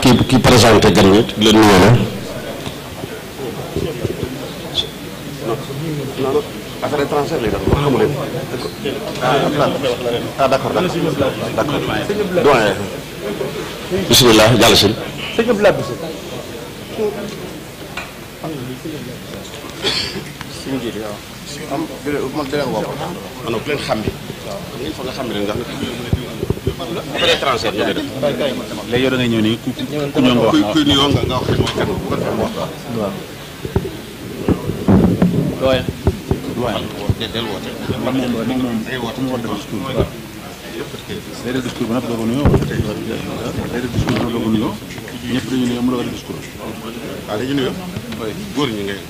ki kii présenté gan ñi di leen nuyu la. affaire étrangère lay def xamu leen. ah d' accord d' jàll si. sëñ Abdoulaye Bissou. suñu ji waaw. am déedéet man xam ne. nga affaire étrangère yooyu def léegi yow da ngay ñëw nii ku ku ñëw nga wax kuy nuyoo nga wax mooy kan bu ko defee wax waaw doyen doyen del woote man moom moom ay woote mu war def discours waaw day def discours ba nag doog a nuyoo day def discours ba nag doog a nuyoo ñëpp dañu nuyoo mu doog a def discours waaw dañu nuyoo góor ñi ngay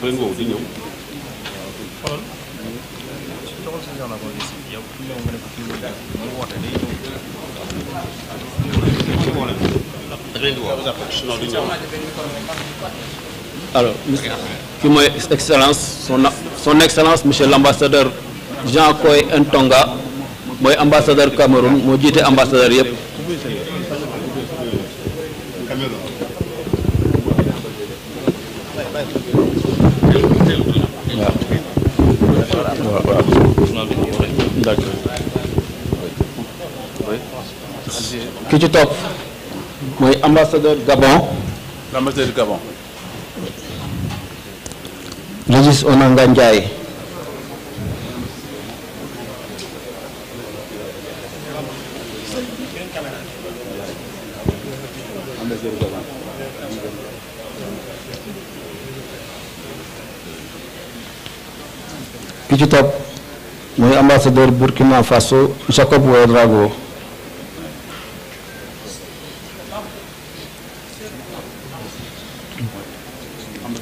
bu leen woow di ñëw comme sa soxna ki mooy excellence son excellence monsieur l' ambassadeur Jean Koy Ntonga mooy ambassadeur Cameroun moo jiite ambassadeur yëpp. ki ci topp mooy ambassadeur Gabon. l'ambassadeur Gabon. Régis Onanga Ndiaye. ki ci topp mooy ambassadeur Burkina Faso Jacob Ouédraogo.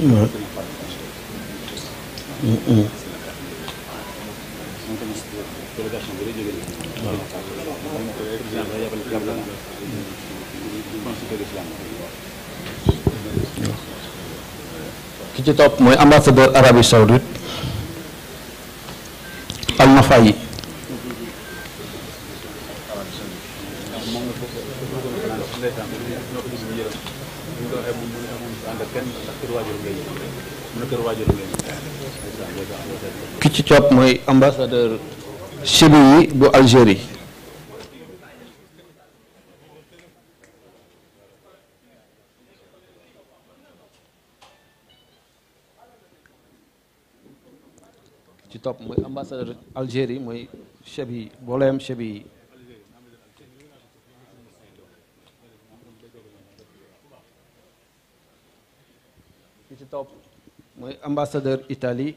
Hm. Hm, hm. ki ci topp mooy ambassadeur Arabie Saoudite Algérie ci topp mooy ambassadeur Algérie mooy Chebi Bolem Chebi ki ci topp mooy ambassadeur Italie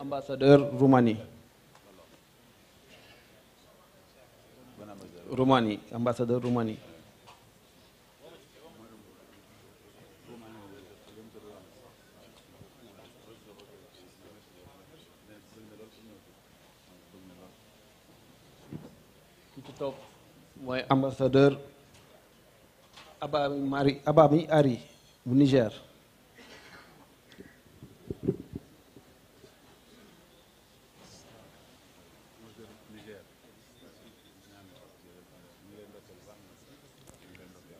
ambassadeur Roumanie Roumanie ambassadeur Roumanie ki ci topp mooy ambassadeur Abami Mari Abami Ari bu Niger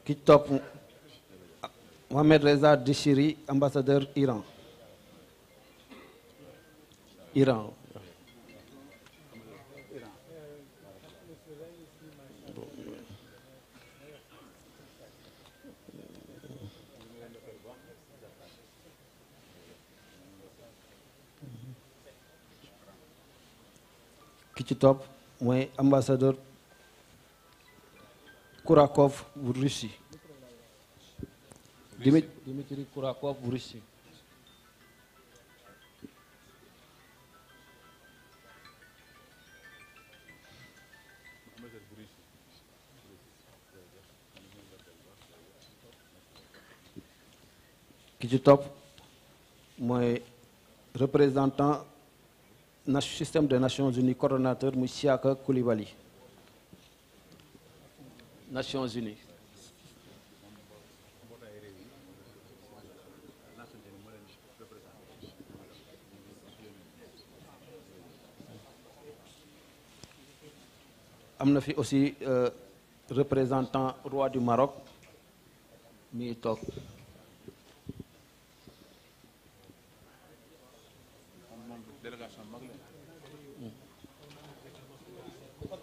ki ci topp Mohamed Reza Deshiri ambassadeur Iran Iran ki ci topp mooy ambassadeur Kourakov в ki ci topp mooy représentant na système des Nations Unies coordonnateur muy Siaka Koulibaly Nations Unies am na fi aussi euh, représentant roi du Maroc mi toog délégation mag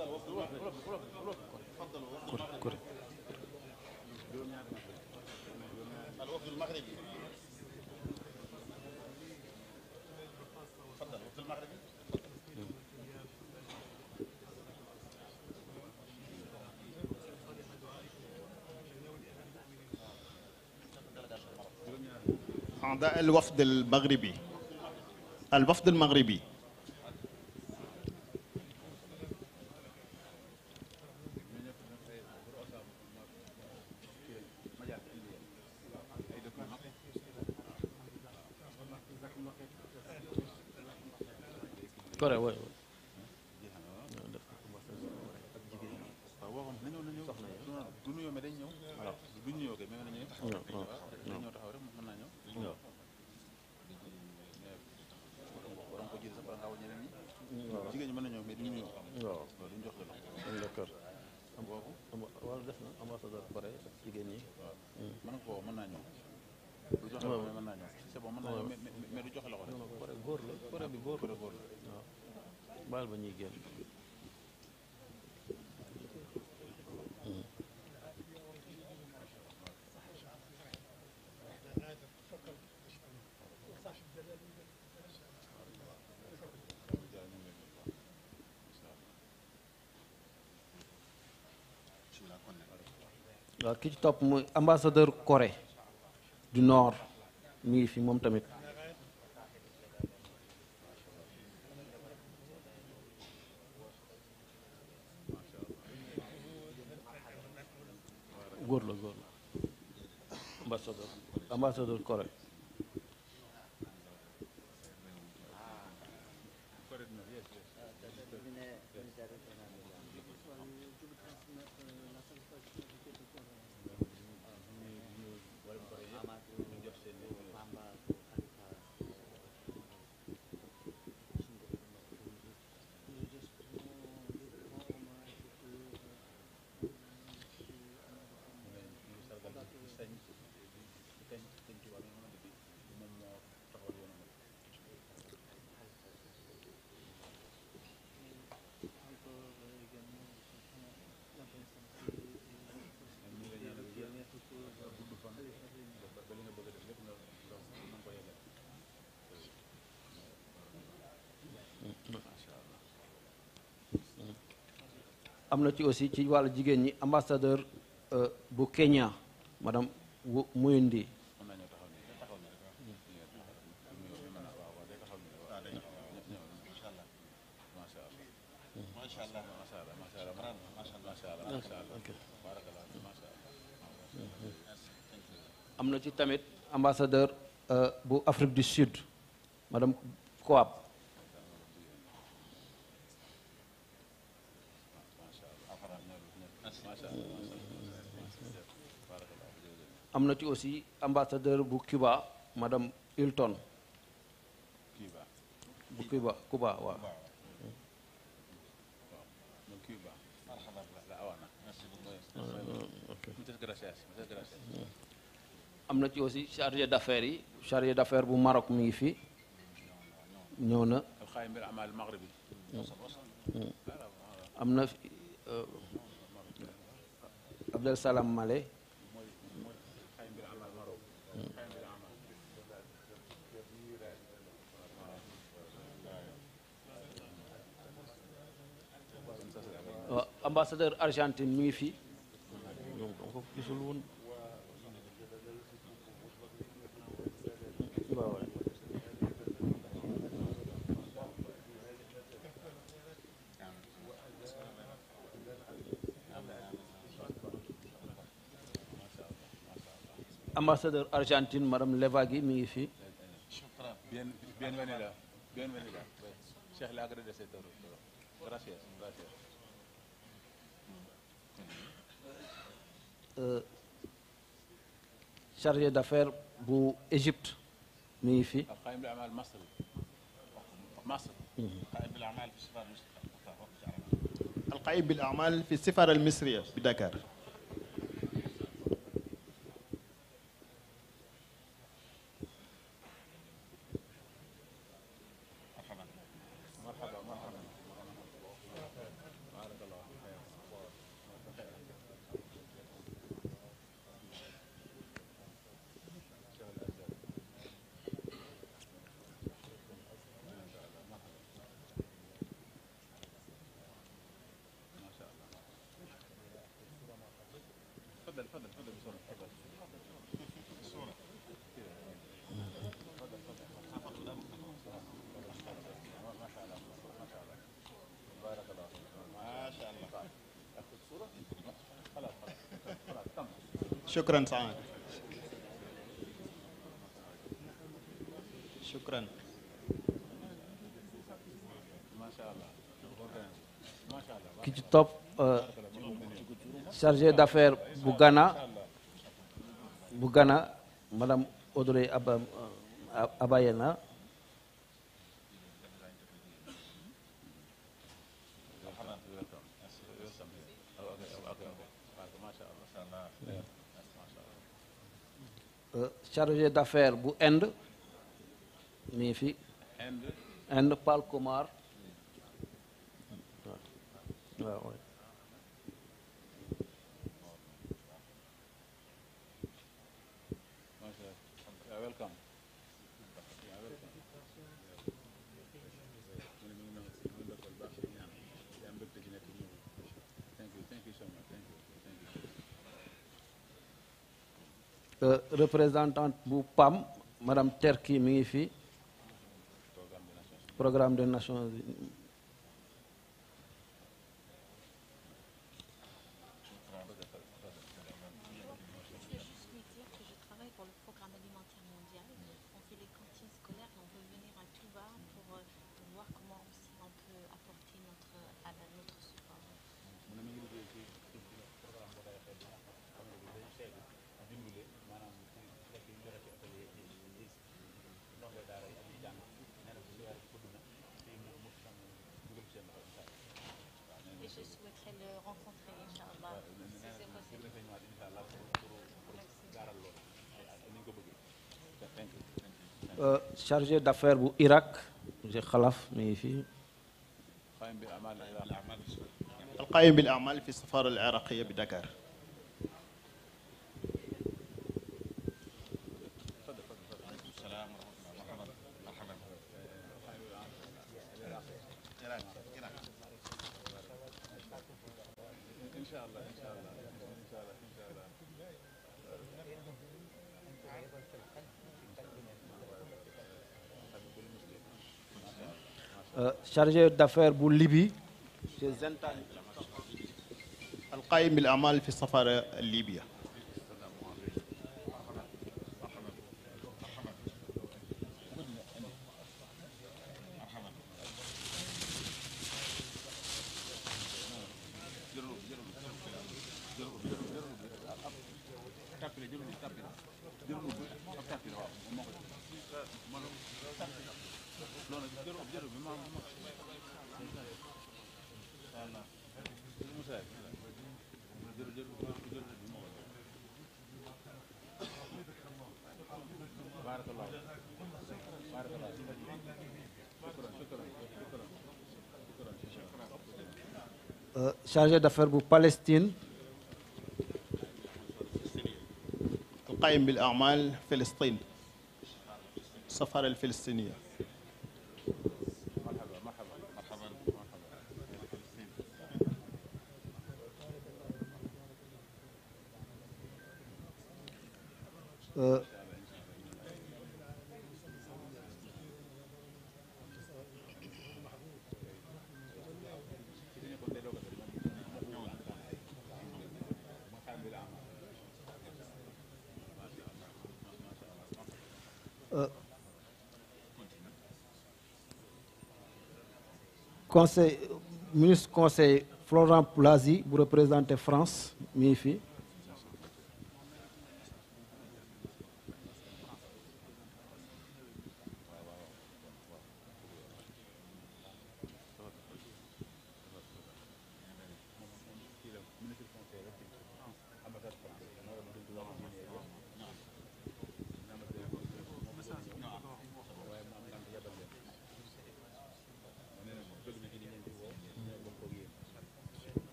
la أعضاء الوفد المغربي الوفد المغربي waaw kii ci topp mooy ambassadeur Corée du noor mi ngi fi moom tamit góor la góor la ambassadeur ambassadeur Corée am na ci aussi ci wàllu jigéen ñi ambassadeur euh, bu Kenya madame Muyindi am na ci tamit ambassadeur euh, bu Afrique du Sud madame Kouab am na ci aussi ambassadeur bu na ci aussi chargé d'affaires yi chargé d'affaires bu Maroc mi ngi fi ñëw na mm. Mm. am na euh, Abdel Salam Malé ambassadeur Argentine mi ngi fii ñoom dama ko gisul woon ambassadeur Argentine madame Levagui mi ngi fii bienvenida bienvenida Euh, chargé d'affaires bu Égypte mi ngi fi alqaib bil amal fi sifar al misriya bi Dakar shukran Saad shukran ki ci topp euh, chargé d'affaires bu madame Audrey euh, Abayena Euh, chargé d'affaires bu Inde mi ngi fi Inde Palkomar waaw représentante bu PAM madame Terki mi ngi fi programme de Nations Unies Euh, chargé d'affaires bu Irak monsieur Xalaf mi ngi fii alqaim bil amal fi safara al iraqiya bi Dakar chargé d'affaires bu Libye chez Zental al qaim al amal fi safara Libya chargé d'affaires bu Palestine القائم بالأعمال فلسطين السفارة الفلسطينية conseil ministre conseil Florent Plaszi bu représenté France mi ngi fii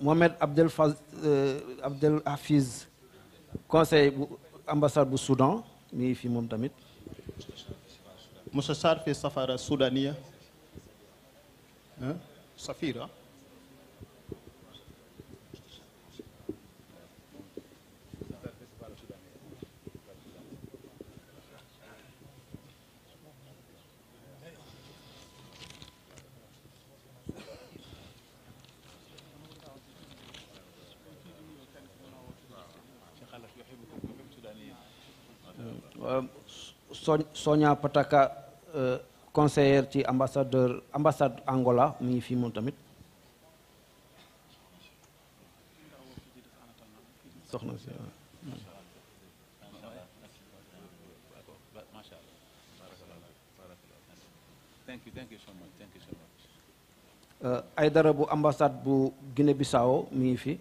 Mohamed Abdel Faz euh, Abdel Hafiz conseil bu ambassade bu Soudan mi ngi fi moom tamit. Mustashar fi safara Soudania. Safira. Sonia Pataka euh, conseillère ci ambassadeur ambassade Angola mu ngi fii moom tamit soxna si Aydara euh, bu ambassade bu Guinée-Bissau mi ngi fi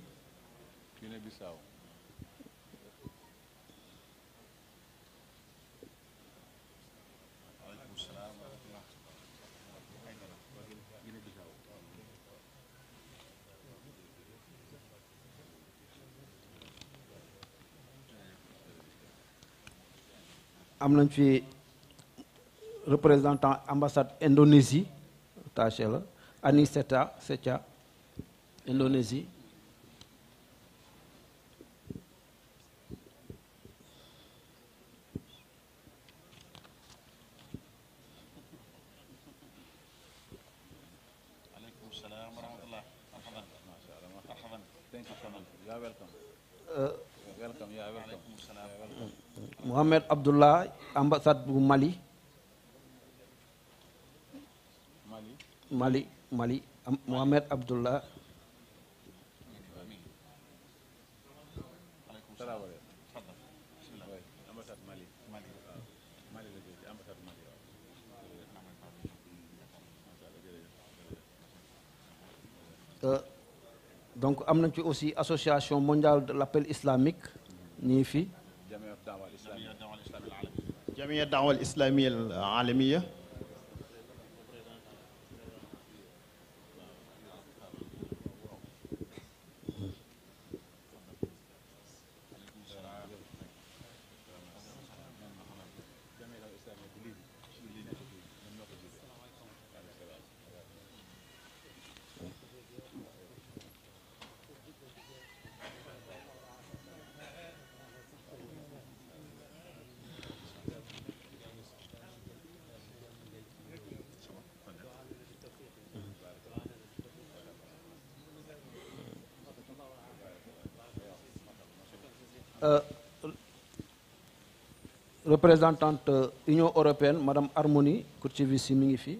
am nañ fi représentant ambassade Indonésie attaché la Anis Seta Setia Indonésie Abdullah ambassade bu Mali Mali Mali Mohamed Abdullah euh, donc am nañ ci aussi association mondiale de l'appel islamique ñii fii jamia daawal islamiyal alamiya Euh, représentante euh, Union européenne madame Harmonie Kourtchevisi mi ngi fi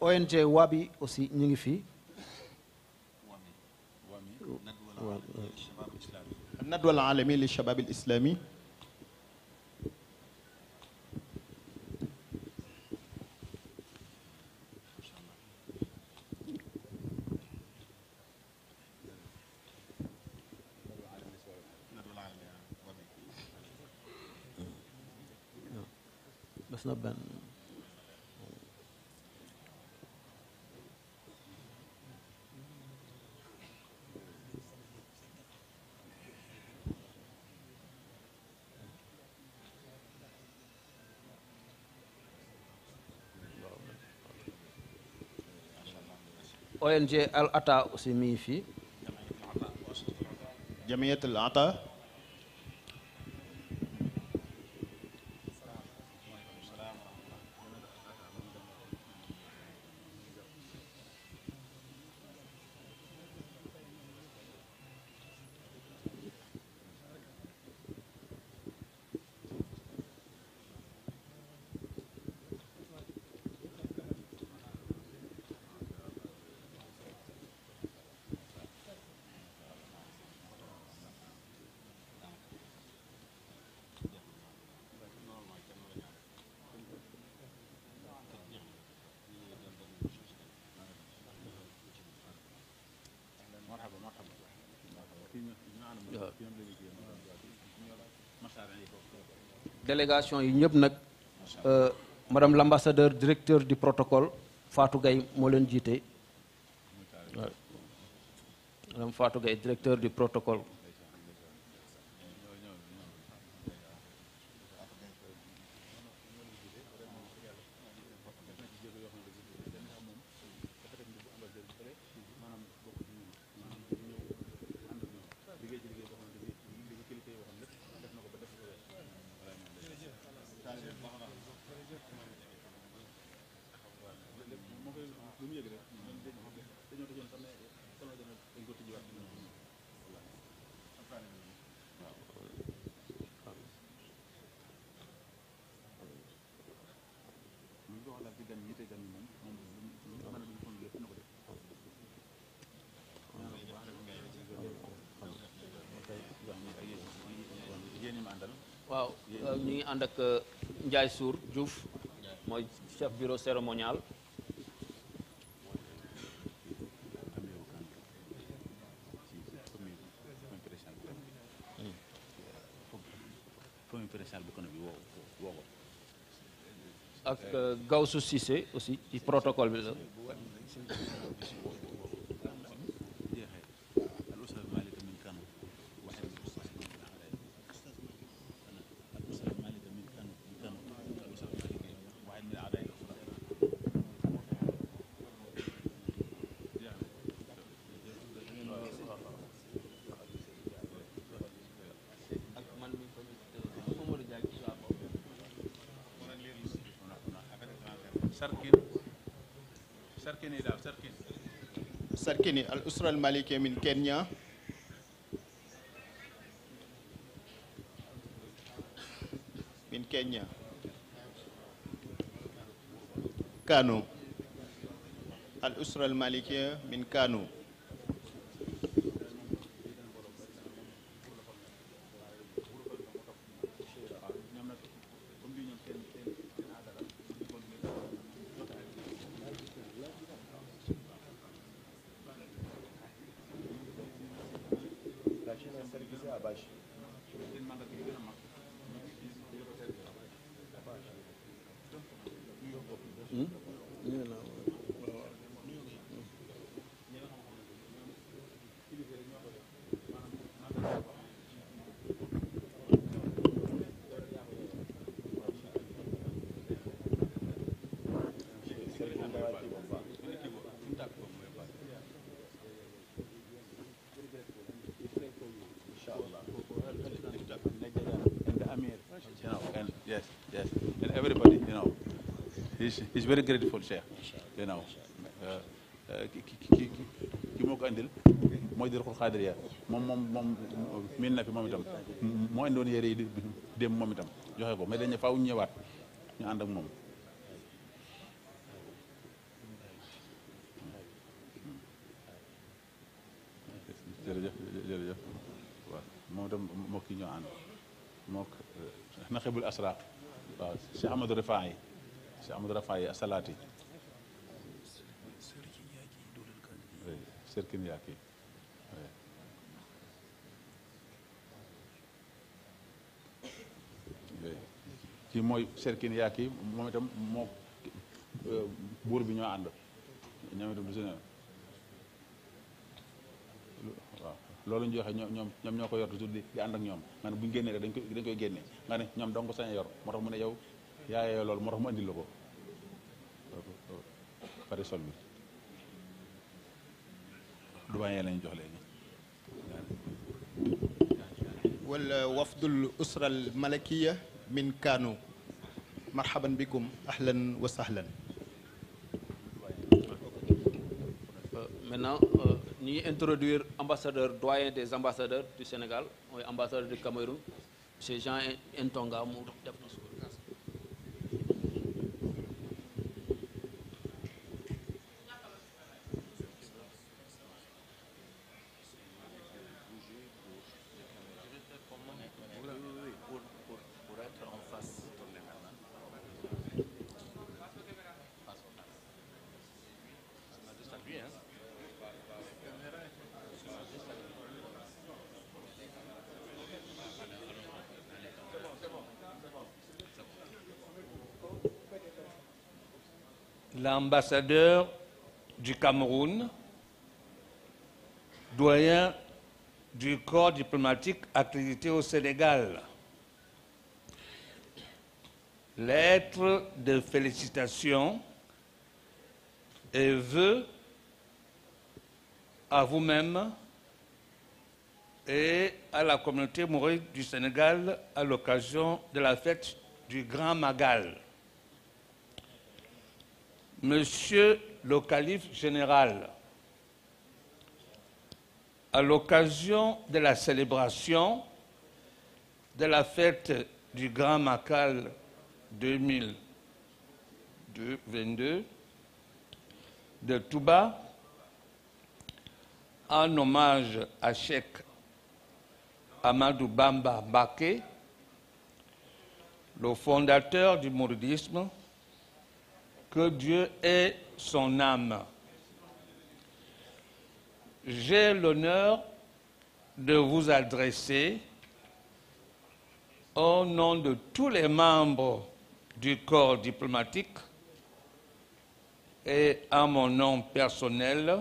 ONG Wabi aussi ñu ngi fii nadwal alami li shabab al islami ONG Al Ata aussi mi ngi fii jamiyatul Ata délégation yi ñëpp nag euh, madame l'ambassadeur directeur du protocole faatu Gaye moo leen jiite madame Fatou Gaye directeur du protocole waaw euh, ñu ngi ànd ak euh, Ndiaye Sour Diouf mooy chef bureau cérémonial ak euh, Gawsu Cissé aussi ci protocole bi la ni al usra al malikia min Kenya min Kenya Kano al Kano ravage hmm? yes. And everybody, you know, he's, he's very grateful, Cheikh. You know, uh, uh, ki ki moo ko andil mooy Dërkul Xaadiriya moom moom moom miin na fi moom itam moo indoon yére yi dem moom itam joxe ko mais dañ ne faaw ñëwaat ñu ànd ak moom. moo ki ñoo ànd moo uh, naqibul asraaq Cheikh Amadou Rafaa yi Cheikh Amadou Rafaa yi asalaati sërkin yaa kii mooy sërkin yaa kii moom itam moo euh, buur bi ñoo ànd ñoom itam du si ne waaw loolu ñu joxe ñoom ñoom ñoo ko yor toujours di ànd ak ñoom nga ne bu ñu génnee rek dañ koy dañ koy génne nga ne ñoom dong ko sañ yor moo tax mu ne yow yaayee loolu moo tax mu andil la ko parasol bi dubaayee lañu jox léegi wala wafdul usra al malakiya min bikum ahlan wa sahlan maintenant euh, ñuy introduire ambassadeur des ambassadeurs du Sénégal mooy ambassadeur du Cameroun monsieur Jean Ntonga l'ambassadeur du Cameroun, doyen du corps diplomatique accrédité au Sénégal. Lettre de félicitations et vœux à vous-même et à la communauté maurice du Sénégal à l'occasion de la fête du Grand Magal. Monsieur le calife général, à l'occasion de la célébration de la fête du Grand Macal de Touba, en hommage à Cheikh Amadou Bamba Baké, le fondateur du mouridisme, Que Dieu ait son âme. J'ai l'honneur de vous adresser, au nom de tous les membres du corps diplomatique et à mon nom personnel,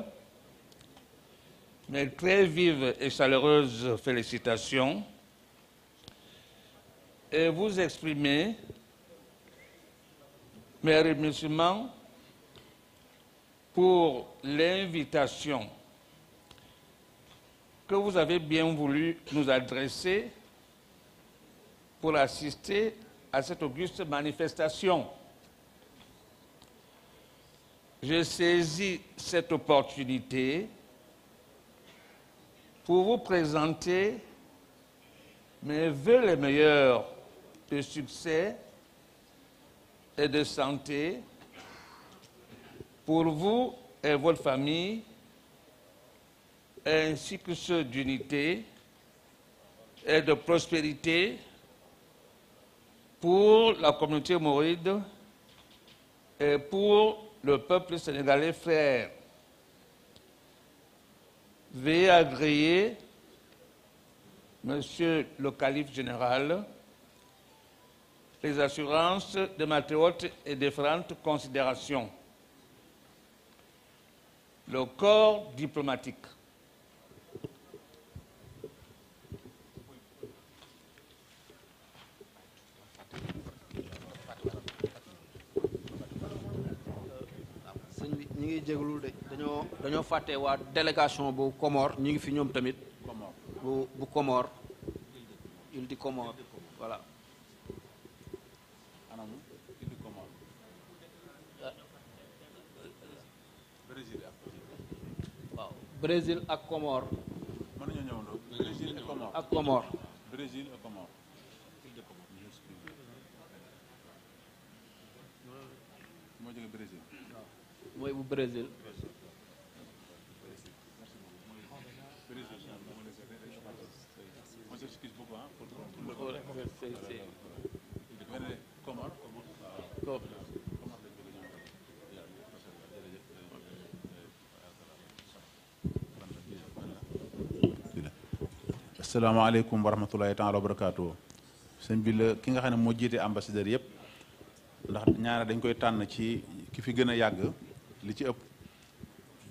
mes très vives et chaleureuses félicitations et vous exprimer Mères et musulmans, pour l'invitation que vous avez bien voulu nous adresser pour assister à cette auguste manifestation. Je saisis cette opportunité pour vous présenter mes voeux les meilleurs de succès et de santé pour vous et votre famille, ainsi que ceux d'unité et de prospérité pour la communauté mouride et pour le peuple sénégalais frère. Veuillez agréer, Monsieur le Calife général, les assurances de ma haute et différentes considérations. Le corps diplomatique. ñu ngi jégalu de dañoo dañoo waa délégation bu Comore ñu ngi fi ñoom tamit bu Comore il di Comore Brésil ak Comore. mën nañoo ñëwandoo Brésil et Comore ak Comore. Brésil et Comore. moo jóge Brésil. mooy bu Brésil. salaamaaleykum wa rahmatulahi taala wa barakaatu sëñ bi ki nga xam ne moo jiite ambassadeur yëpp ndax ñaare dañ koy tànn ci ki fi gën a yàgg li ci ëpp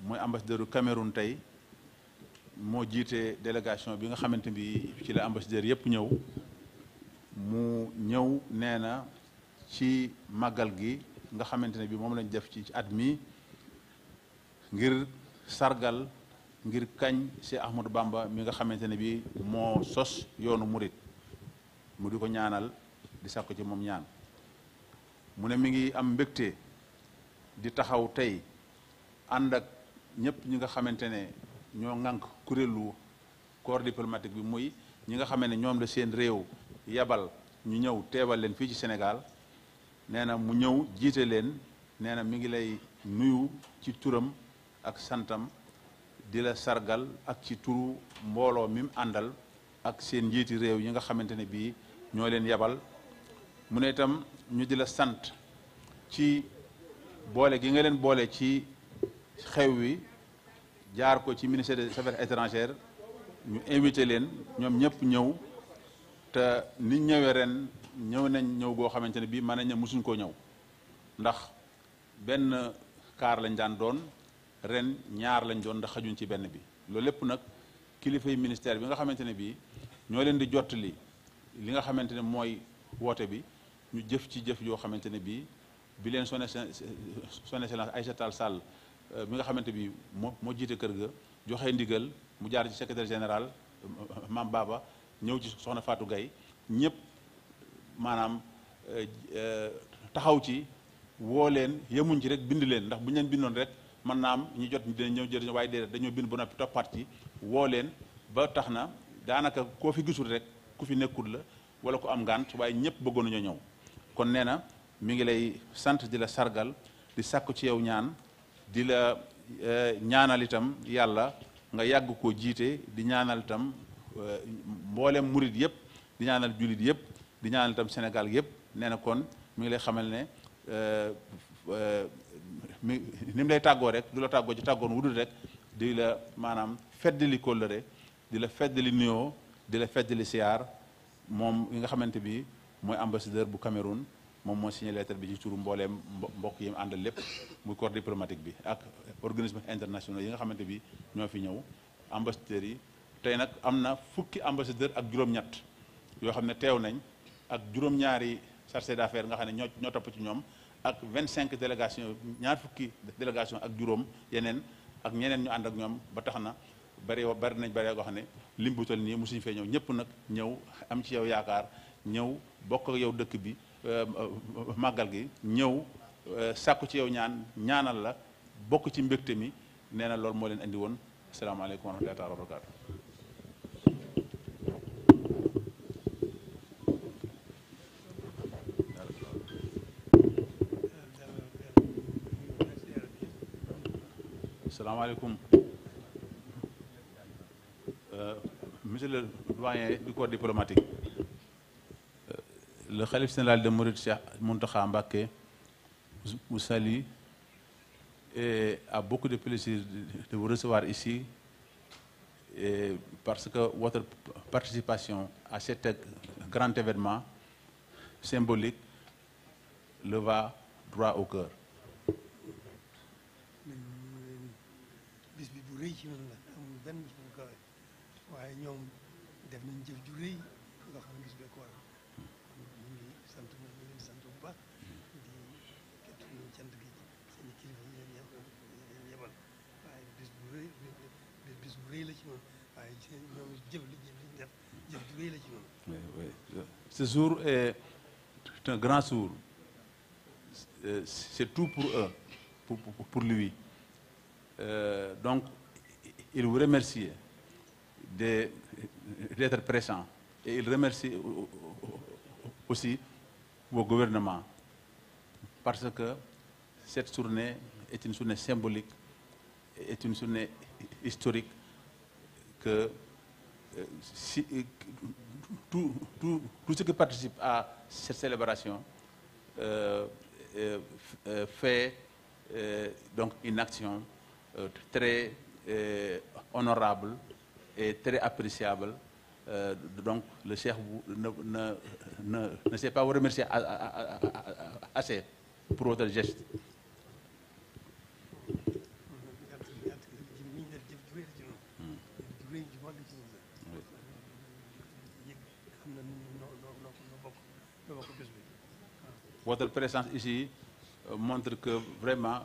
mooy ambassadeuru Cameroun tey moo jiite délégation bi nga xamante bi ci la ambassadeur yëpp ñëw mu ñëw nee na ci màggal gi nga xamante ne bi moom lañ def ci at mi ngir sargal ngir kañ Cheikh Ahmadou Bamba mi nga xamante ne bii moo sos yoonu murit mu di ko ñaanal di sàkku ci moom ñaan mu ne mi ngi am mbégte di taxaw tey ànd ak ñëpp ñi nga xamante ne ñoo ŋànk kuréelu corps bi muy ñi nga xamante ne ñoom la seen réew yabal ñu ñëw teebal leen fii ci senegal nee na mu ñëw jiite leen nee na mi ngi lay nuyu ci turam ak santam. di la sargal ak ci turu mbooloo mi àndal ak seen njiiti réew yi nga xamante ne bii ñoo leen yabal mu ne itam ñu di la sant ci boole gi nga leen boole ci xew wi jaar ko ci ministère des affaires étrangères ñu invité leen ñoom ñëpp ñëw te nit ñëwee ren ñëw nañ ñëw goo xamante ne bii mën nañ ne koo ñëw ndax benn kaar lañ daan doon ren ñaar lañ doon ndax xajuñ ci benn bi loolu lépp nag kilifa yi ministère bi nga xamante ne bii ñoo leen di jottali li nga xamante ne mooy woote bi ñu jëf ci jëf yoo xamante ne bii bi leen son son excellence Aïssata Tall Sall euh, mi nga xamante bi moo moo jiite kër ga joxe ndigal mu jaar ci secretaire général euh, Mame Baba ñëw ci soxna Fatou Gaye ñëpp maanaam euh, taxaw ci woo leen yemuñ ci rek bind leen ndax bu ñu leen bindoon rek mën naa am ñu jot dina ñëw jëriñoo waaye déedéet dañoo bind ba noppi toppaat ci woo leen ba tax na daanaka koo fi gisul rek ku fi nekkul la wala ku am ngànt waaye ñëpp bëggoon nañoo ñëw kon nee na mi ngi lay sant di la sargal di sàkku ci yow ñaan di la eh, ñaanal itam yàlla nga yàgg koo jiite di ñaanal itam eh, mboolem murit yëpp di ñaanal jullit yëpp di ñaanal itam Sénégal yëpp nee na kon mu ngi lay xamal ne eh, mi ni mu lay tàggoo rek du la tàggoo ci tàggoon wudul rek di la maanaam feddali kóllëre di la feddali nuyoo di la feddali siyaar moom yi nga xamante bi mooy ambassadeur bu Cameroun moom mooy signé lettre bi ci turu mbooleem mbokk yi mu àndal lépp mu corps diplomatique bi ak organisme internationaux yi nga xamante bi ñoo fi ñëw ambassadeurs yi tey nag am na fukki ambassadeur ak juróom-ñett yoo xam ne teew nañ ak juróom-ñaari chargé d'affaires nga xam ne ñoo ñoo topp ci ñoom ak 25 délégation ñaar fukki délégation ak juróom yeneen ak ñeneen ñu ànd ak ñoom ba tax na bari bari nañ bari goo xam ne lim bu toll nii mosuñu fee ñëw ñëpp nag ñëw am ci yow yaakaar ñëw bokk ak yow dëkk bi euh, màggal gi ñëw euh, sàkku ci yow ñaan ñaanal la bokk ci mbégte mi nee na loolu moo leen indi woon asalaamaaleykum wa rahmatullaahi wa barakaatu salaamaaleykum euh, monsieur le doyen du corps diplomatique euh, le khalife général de Mouride Cheikh Mountakha Mbacké vous salue et a beaucoup de plaisir de vous recevoir ici et parce que votre participation à cet e-, grand événement symbolique le va droit au cœur ci ñun la amul benn bis bu ñu waaye ñoom def nañ jëf ju rëy loo xam ne gis ko waral sant ñu bu baax di képp ñu waaye bis bu rëy la ci ñoom waaye ñoom jëf li jëf liñ la ci ñoom. oui oui ce jour est un grand jour c'est tout pour eux pour pour, pour lui euh, donc. il vous remercie d'être présent et il remercie aussi au gouvernement parce que cette journée est une journée symbolique, est une journée historique que euh, si, euh, tout, tout, tout, ce qui participe à cette célébration euh, euh, euh fait euh, donc une action Euh, honorable et très appréciable euh, donc le cheikh ne ne ne ne sait pas vous remercier assez pour votre geste. Votre présence ici euh, montre que vraiment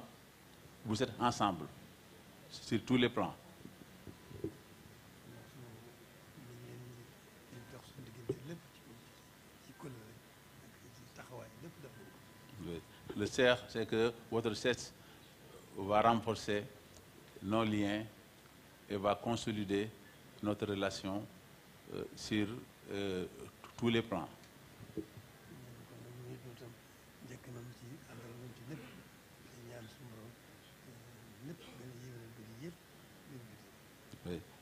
vous êtes ensemble. sur tous les plans le CER c'est que votre CES va renforcer nos liens et va consolider notre relation euh, sur euh, tous les plans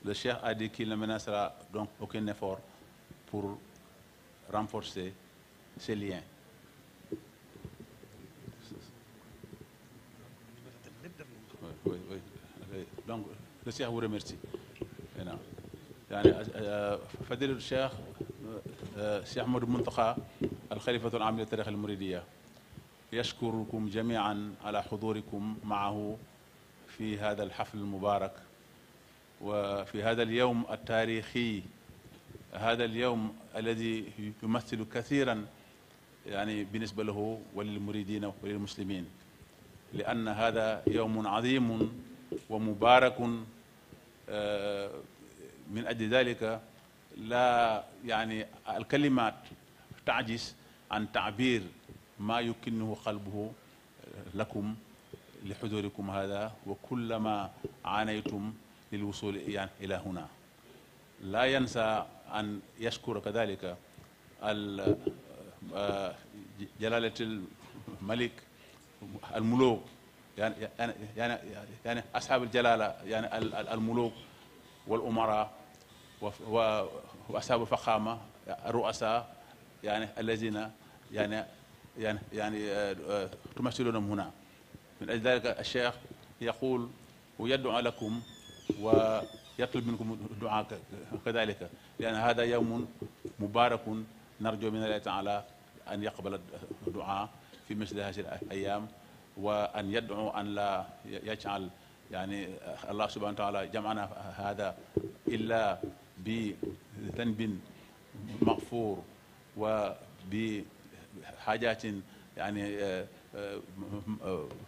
le chef a dit qu'il ne menacera donc aucun effort pour renforcer ces liens. Oui, oui, oui. Donc, le chef vous remercie. Maintenant, euh, Fadilou Cheikh, euh, euh, Cheikh Ahmadou Mountakha, al-Khalifatul Aam li tariqa al-Muridiyya, yashkurukum jami'an ala hudurikum ma'ahu fi hadha al-hafl al-mubarak. وفي هذا اليوم التاريخي هذا اليوم الذي يمثل كثيرا يعني بالنسبة له وللمريدين وللمسلمين لأن هذا يوم عظيم ومبارك من أجل ذلك لا يعني الكلمات تعجز عن تعبير ما يكنه قلبه لكم لحضوركم هذا وكلما عانيتم للوصول إلى هنا لا ينسى أن يشكر كذلك جلالة الملك الملوك يعني يعني يعني أصحاب الجلالة يعني الملوك والأمراء وأصحاب الفخامة الرؤساء يعني الذين يعني يعني يعني تمثلونهم هنا من أجل ذلك الشيخ يقول ويدعو لكم ويطلب منكم دعاء كذلك لأن هذا يوم مبارك نرجو من الله تعالى أن يقبل الدعاء في مثل هذه الأيام وأن يدعو أن لا يجعل يعني الله سبحانه وتعالى جمعنا هذا إلا بذنب مغفور وبحاجات يعني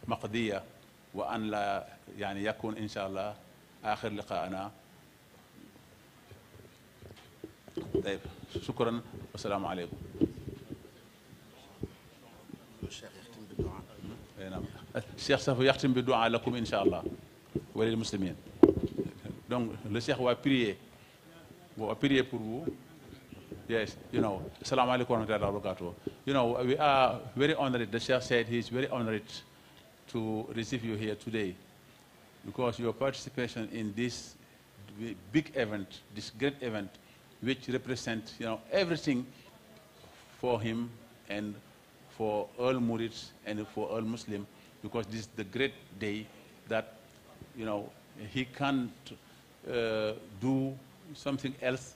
مقضية وأن لا يعني يكون إن شاء الله آخر لقاءنا طيب شكرا والسلام عليكم الشيخ يختم بالدعاء اي نعم الشيخ سوف يختم بالدعاء لكم ان شاء الله وللمسلمين donc le cheikh va prier will prier pour vous yes you know assalamu alaikum warahmatullahi you know we are very honored the sheikh said he is very honored to receive you here today because your participation in this big event, this great event, which represents, you know, everything for him and for all Murids and for all Muslims, because this is the great day that, you know, he can't uh, do something else,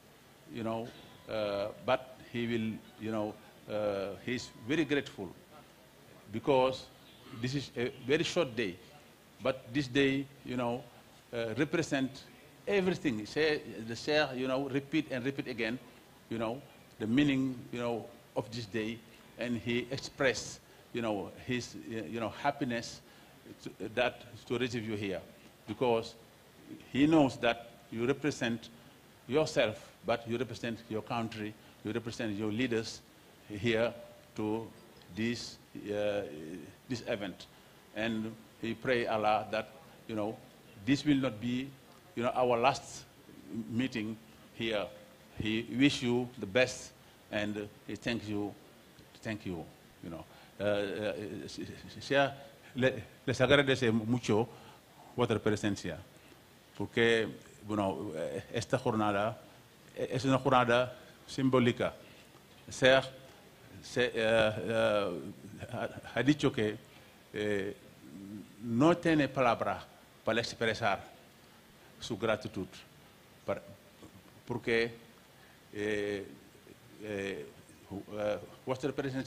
you know, uh, but he will, you know, uh, he's very grateful because this is a very short day. But this day, you know, uh, represent everything. Say, the Sheikh, you know, repeat and repeat again, you know, the meaning, you know, of this day. And he expressed, you know, his, you know, happiness to, that to receive you here. Because he knows that you represent yourself, but you represent your country, you represent your leaders here to this, uh, this event. And we pray that, this will not be, our last meeting here. He wish the best and he thank you, thank you, you know. sea, uh, uh, le, les agradece mucho vuestra presencia, porque, bueno, esta jornada es una jornada simbólica. Se, eh, eh, no tiene palabra para expresar su gratitud, para, porque eh, eh, eh vuestra mm,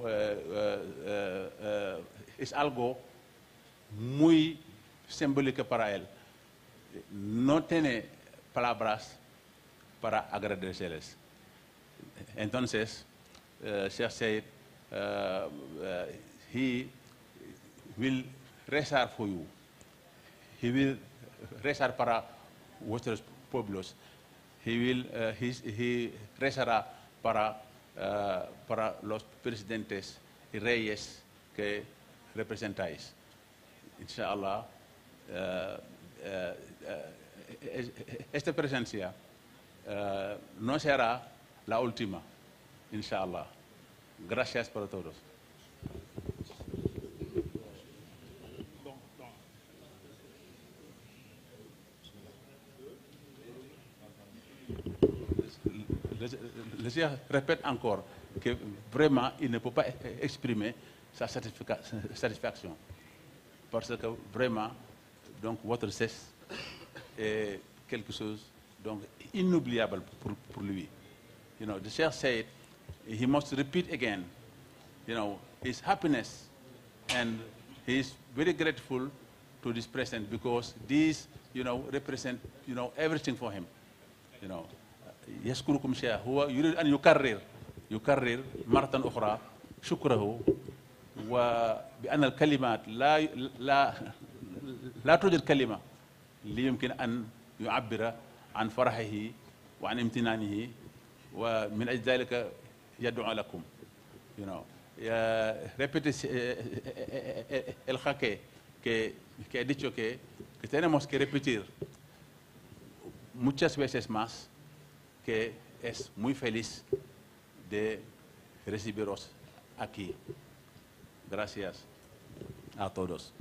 eh, eh, algo muy simbólico para él. No tiene palabras para agradecerles. Entonces, uh, Sheikh he will rezar for you. He will rezar para vuestros pueblos. He will uh, he, he rezará para uh, para los presidentes y reyes que representáis. Inshallah, uh, uh esta presencia uh, no será la última. Inshallah. Gracias para todos. je répète encore que vraiment, il ne peut pas exprimer sa satisfaction. Parce que vraiment, donc, votre cesse est quelque chose donc, inoubliable pour, pour lui. You know, the Sheikh said, he must repeat again, you know, his happiness. And he is very grateful to this present because these, you know, represent, you know, everything for him, you know. يشكركم شيئا هو يريد أن يكرر يكرر مرة أخرى شكره وبأن الكلمات لا لا لا توجد كلمة اللي يمكن أن يعبر عن فرحه وعن امتنانه ومن أجل ذلك يدعو لكم you know repete el jaque que que he dicho que que tenemos que repetir muchas veces más que es muy feliz de recibiros aquí. Gracias a todos.